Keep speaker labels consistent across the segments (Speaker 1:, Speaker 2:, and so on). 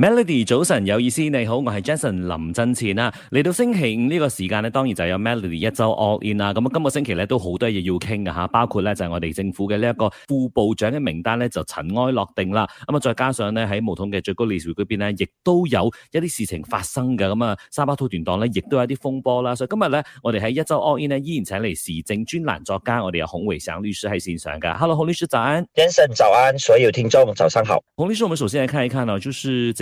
Speaker 1: Melody 早晨，有意思，你好，我係 Jason 林振前啦、啊。嚟到星期五呢個時間呢，當然就有 Melody 一周 all in 啦。咁、嗯、啊，今、這個星期咧，都好多嘢要傾噶吓，包括咧就係、是、我哋政府嘅呢一個副部長嘅名單咧就塵埃落定啦。咁、嗯、啊，再加上咧喺巫統嘅最高理事會邊咧，亦都有一啲事情發生嘅。咁、嗯、啊，沙巴土團黨咧，亦都有一啲風波啦。所以今日咧，我哋喺一周 all in 呢，依然請嚟時政專欄作家，我哋有孔維省律師喺線上㗎。Hello，孔律師早安。
Speaker 2: Jason 早安，所有聽眾早上好。
Speaker 1: 孔律師，我們首先嚟看一看啊。就是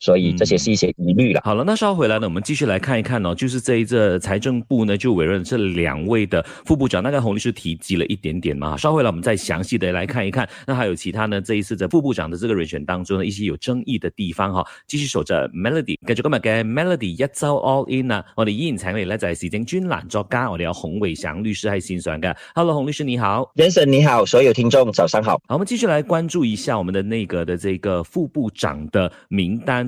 Speaker 2: 所以這些是
Speaker 1: 一些疑慮啦。嗯。好了，那稍後回來呢，我們繼續來看一看哦，就是這一次財政部呢就委任這兩位的副部長，大概洪律師提及了一點點嘛。稍後回來，我們再詳細地來看一看。那還有其他呢？這一次的副部長的這個人選當中呢，一些有爭議的地方哈。繼續守着 Melody，感覺今日嘅 Melody 一周 All In 啊，我哋依然請嚟咧就係時政專欄作家，我哋要洪偉祥律師喺線上嘅。Hello，洪律師你好。Jason，你好，所有聽眾早上好。好，我們繼續來關注一下我們的內閣的這個副部長的名單。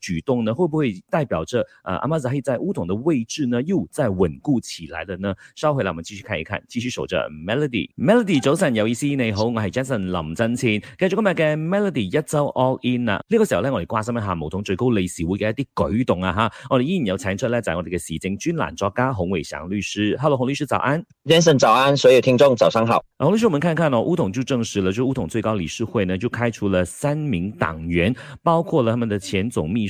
Speaker 1: 舉動呢，會不會代表着，呃，阿末扎希在巫統的位置呢，又再穩固起來了呢？稍回來，我們繼續看一看，繼續守着 Melody。Melody 早晨有意思，你好是，我係 Jason 林振千，繼續今日嘅 Melody 一周 All In 啦、啊。呢個時候呢，我哋關心一下巫統最高理事會嘅一啲舉動啊，吓，我哋依然有請出咧，就我哋嘅時政專欄作家洪偉祥律師。Hello，洪律師早安。Jason 早安，所有聽眾早上好、啊。洪律師，我們看看哦，巫統就證實了，就是巫統最高理事會呢就開除了三名黨員，嗯、包括了他們的前總秘。